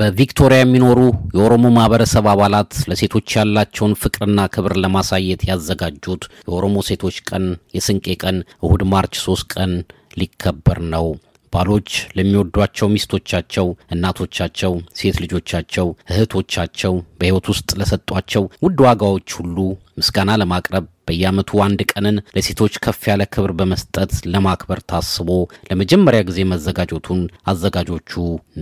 በቪክቶሪያ የሚኖሩ የኦሮሞ ማህበረሰብ አባላት ለሴቶች ያላቸውን ፍቅርና ክብር ለማሳየት ያዘጋጁት የኦሮሞ ሴቶች ቀን የስንቄ ቀን እሁድ ማርች ሶስት ቀን ሊከበር ነው። ባሎች ለሚወዷቸው ሚስቶቻቸው፣ እናቶቻቸው፣ ሴት ልጆቻቸው፣ እህቶቻቸው በሕይወት ውስጥ ለሰጧቸው ውድ ዋጋዎች ሁሉ ምስጋና ለማቅረብ በየዓመቱ አንድ ቀንን ለሴቶች ከፍ ያለ ክብር በመስጠት ለማክበር ታስቦ ለመጀመሪያ ጊዜ መዘጋጀቱን አዘጋጆቹ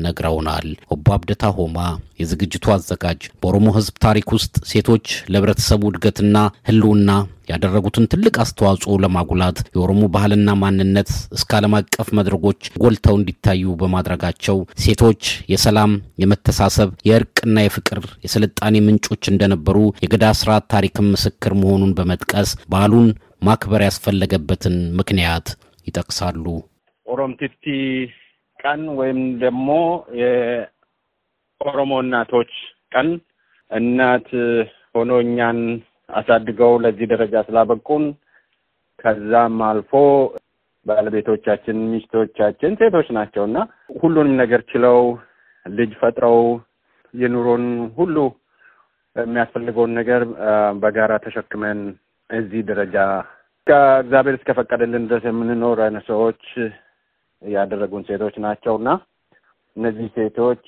ነግረውናል። ኦቦ አብደታ ሆማ የዝግጅቱ አዘጋጅ በኦሮሞ ህዝብ ታሪክ ውስጥ ሴቶች ለህብረተሰቡ እድገትና ህልውና ያደረጉትን ትልቅ አስተዋጽኦ ለማጉላት የኦሮሞ ባህልና ማንነት እስከ ዓለም አቀፍ መድረጎች ጎልተው እንዲታዩ በማድረጋቸው ሴቶች የሰላም፣ የመተሳሰብ፣ የእርቅና የፍቅር የስልጣኔ ምንጮች እንደነበሩ የገዳ ስርዓት ታሪክም ምስክር መሆኑን በመጥቀስ በዓሉን ማክበር ያስፈለገበትን ምክንያት ይጠቅሳሉ። ኦሮምቲቲ ቀን ወይም ደግሞ ኦሮሞ እናቶች ቀን እናት ሆኖ እኛን አሳድገው ለዚህ ደረጃ ስላበቁን ከዛም አልፎ ባለቤቶቻችን፣ ሚስቶቻችን ሴቶች ናቸው እና ሁሉንም ነገር ችለው ልጅ ፈጥረው የኑሮን ሁሉ የሚያስፈልገውን ነገር በጋራ ተሸክመን እዚህ ደረጃ ከእግዚአብሔር እስከፈቀደልን ድረስ የምንኖር አይነት ሰዎች ያደረጉን ሴቶች ናቸው እና እነዚህ ሴቶች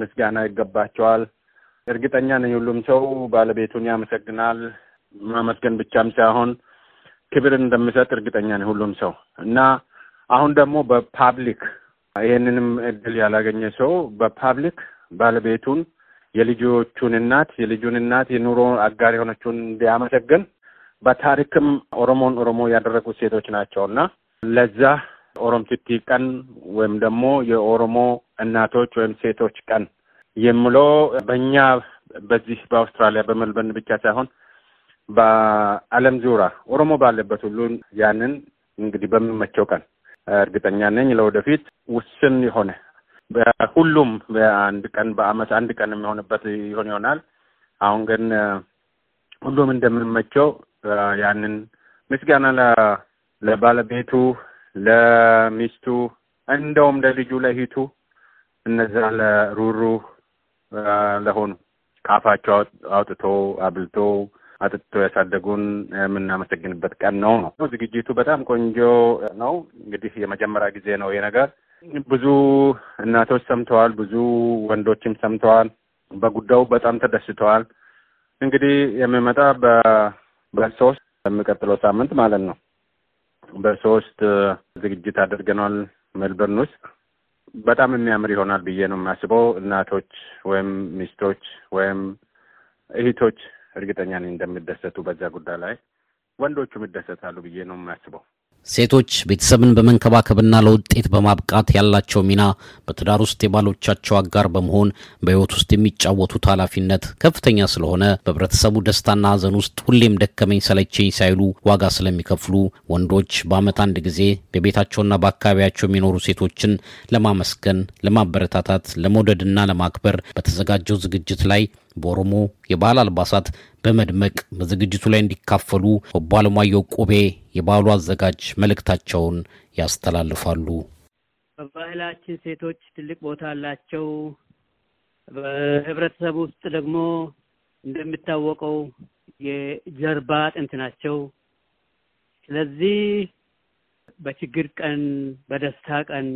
ምስጋና ይገባቸዋል። እርግጠኛ ነኝ ሁሉም ሰው ባለቤቱን ያመሰግናል። ማመስገን ብቻም ሳይሆን ክብር እንደሚሰጥ እርግጠኛ ነኝ ሁሉም ሰው እና አሁን ደግሞ በፓብሊክ ይህንንም እድል ያላገኘ ሰው በፓብሊክ ባለቤቱን የልጆቹን እናት የልጁን እናት የኑሮ አጋር የሆነችውን እንዲያመሰግን በታሪክም ኦሮሞን ኦሮሞ ያደረጉት ሴቶች ናቸው እና ለዛ ኦሮምሲቲ ቀን ወይም ደግሞ የኦሮሞ እናቶች ወይም ሴቶች ቀን የምሎ በእኛ በዚህ በአውስትራሊያ በመልበን ብቻ ሳይሆን በዓለም ዙራ ኦሮሞ ባለበት ሁሉ ያንን እንግዲህ በሚመቸው ቀን እርግጠኛ ነኝ ለወደፊት ውስን የሆነ ሁሉም በአንድ ቀን በአመት አንድ ቀን የሚሆንበት ይሆን ይሆናል። አሁን ግን ሁሉም እንደምንመቸው ያንን ምስጋና ለባለቤቱ፣ ለሚስቱ፣ እንደውም ለልጁ፣ ለሂቱ እነዛ ለሩህሩህ ለሆኑ ከአፋቸው አውጥቶ አብልቶ አጥጥቶ ያሳደጉን የምናመሰግንበት ቀን ነው ነው። ዝግጅቱ በጣም ቆንጆ ነው። እንግዲህ የመጀመሪያ ጊዜ ነው ይሄ ነገር። ብዙ እናቶች ሰምተዋል፣ ብዙ ወንዶችም ሰምተዋል። በጉዳዩ በጣም ተደስተዋል። እንግዲህ የሚመጣ በሶስት የሚቀጥለው ሳምንት ማለት ነው። በሶስት ዝግጅት አድርገናል ሜልበርን ውስጥ በጣም የሚያምር ይሆናል ብዬ ነው የማስበው። እናቶች ወይም ሚስቶች ወይም እህቶች እርግጠኛ ነኝ እንደሚደሰቱ በዛ ጉዳይ ላይ ወንዶቹም ይደሰታሉ ብዬ ነው የማስበው። ሴቶች ቤተሰብን በመንከባከብና ለውጤት በማብቃት ያላቸው ሚና በትዳር ውስጥ የባሎቻቸው አጋር በመሆን በሕይወት ውስጥ የሚጫወቱት ኃላፊነት ከፍተኛ ስለሆነ በህብረተሰቡ ደስታና ሐዘን ውስጥ ሁሌም ደከመኝ ሰለቸኝ ሳይሉ ዋጋ ስለሚከፍሉ ወንዶች በዓመት አንድ ጊዜ በቤታቸውና በአካባቢያቸው የሚኖሩ ሴቶችን ለማመስገን፣ ለማበረታታት፣ ለመውደድና ለማክበር በተዘጋጀው ዝግጅት ላይ በኦሮሞ የባህል አልባሳት በመድመቅ በዝግጅቱ ላይ እንዲካፈሉ ኦቦ አለማየሁ ቁቤ የባህሉ አዘጋጅ መልእክታቸውን ያስተላልፋሉ። በባህላችን ሴቶች ትልቅ ቦታ አላቸው። በህብረተሰብ ውስጥ ደግሞ እንደሚታወቀው የጀርባ አጥንት ናቸው። ስለዚህ በችግር ቀን፣ በደስታ ቀን፣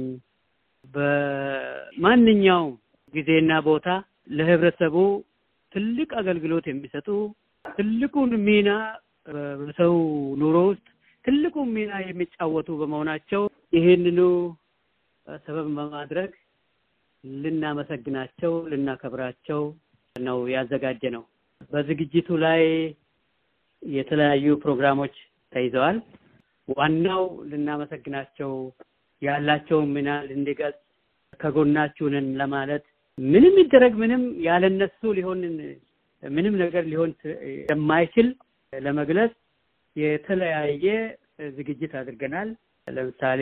በማንኛውም ጊዜና ቦታ ለህብረተሰቡ ትልቅ አገልግሎት የሚሰጡ ትልቁን ሚና በሰው ኑሮ ውስጥ ትልቁን ሚና የሚጫወቱ በመሆናቸው ይህንኑ ሰበብ በማድረግ ልናመሰግናቸው ልናከብራቸው ነው ያዘጋጀ ነው። በዝግጅቱ ላይ የተለያዩ ፕሮግራሞች ተይዘዋል። ዋናው ልናመሰግናቸው ያላቸውን ሚና ልንገልጽ ከጎናችሁ ለማለት ምንም ይደረግ ምንም ያለነሱ ሊሆን ምንም ነገር ሊሆን የማይችል ለመግለጽ የተለያየ ዝግጅት አድርገናል። ለምሳሌ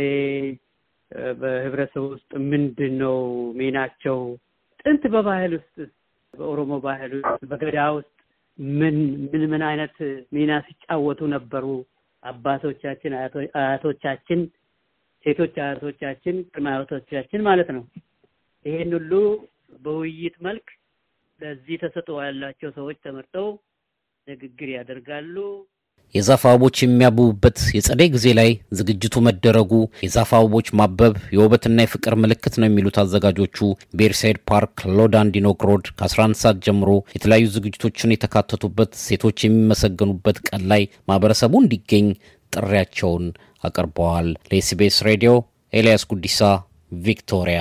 በህብረተሰቡ ውስጥ ምንድን ነው ሚናቸው? ጥንት በባህል ውስጥ በኦሮሞ ባህል ውስጥ በገዳ ውስጥ ምን ምን ምን አይነት ሚና ሲጫወቱ ነበሩ? አባቶቻችን፣ አያቶቻችን፣ ሴቶች አያቶቻችን፣ ቅድመ አያቶቻችን ማለት ነው። ይሄን ሁሉ በውይይት መልክ ለዚህ ተሰጥኦ ያላቸው ሰዎች ተመርጠው ንግግር ያደርጋሉ። የዛፍ አበቦች የሚያብቡበት የጸደይ ጊዜ ላይ ዝግጅቱ መደረጉ የዛፍ አበቦች ማበብ የውበትና የፍቅር ምልክት ነው የሚሉት አዘጋጆቹ ቤርሳይድ ፓርክ ሎዳን ሮድ ከ11 ሰዓት ጀምሮ የተለያዩ ዝግጅቶችን የተካተቱበት ሴቶች የሚመሰገኑበት ቀን ላይ ማህበረሰቡ እንዲገኝ ጥሪያቸውን አቅርበዋል። ለኤስቢኤስ ሬዲዮ ኤልያስ ጉዲሳ ቪክቶሪያ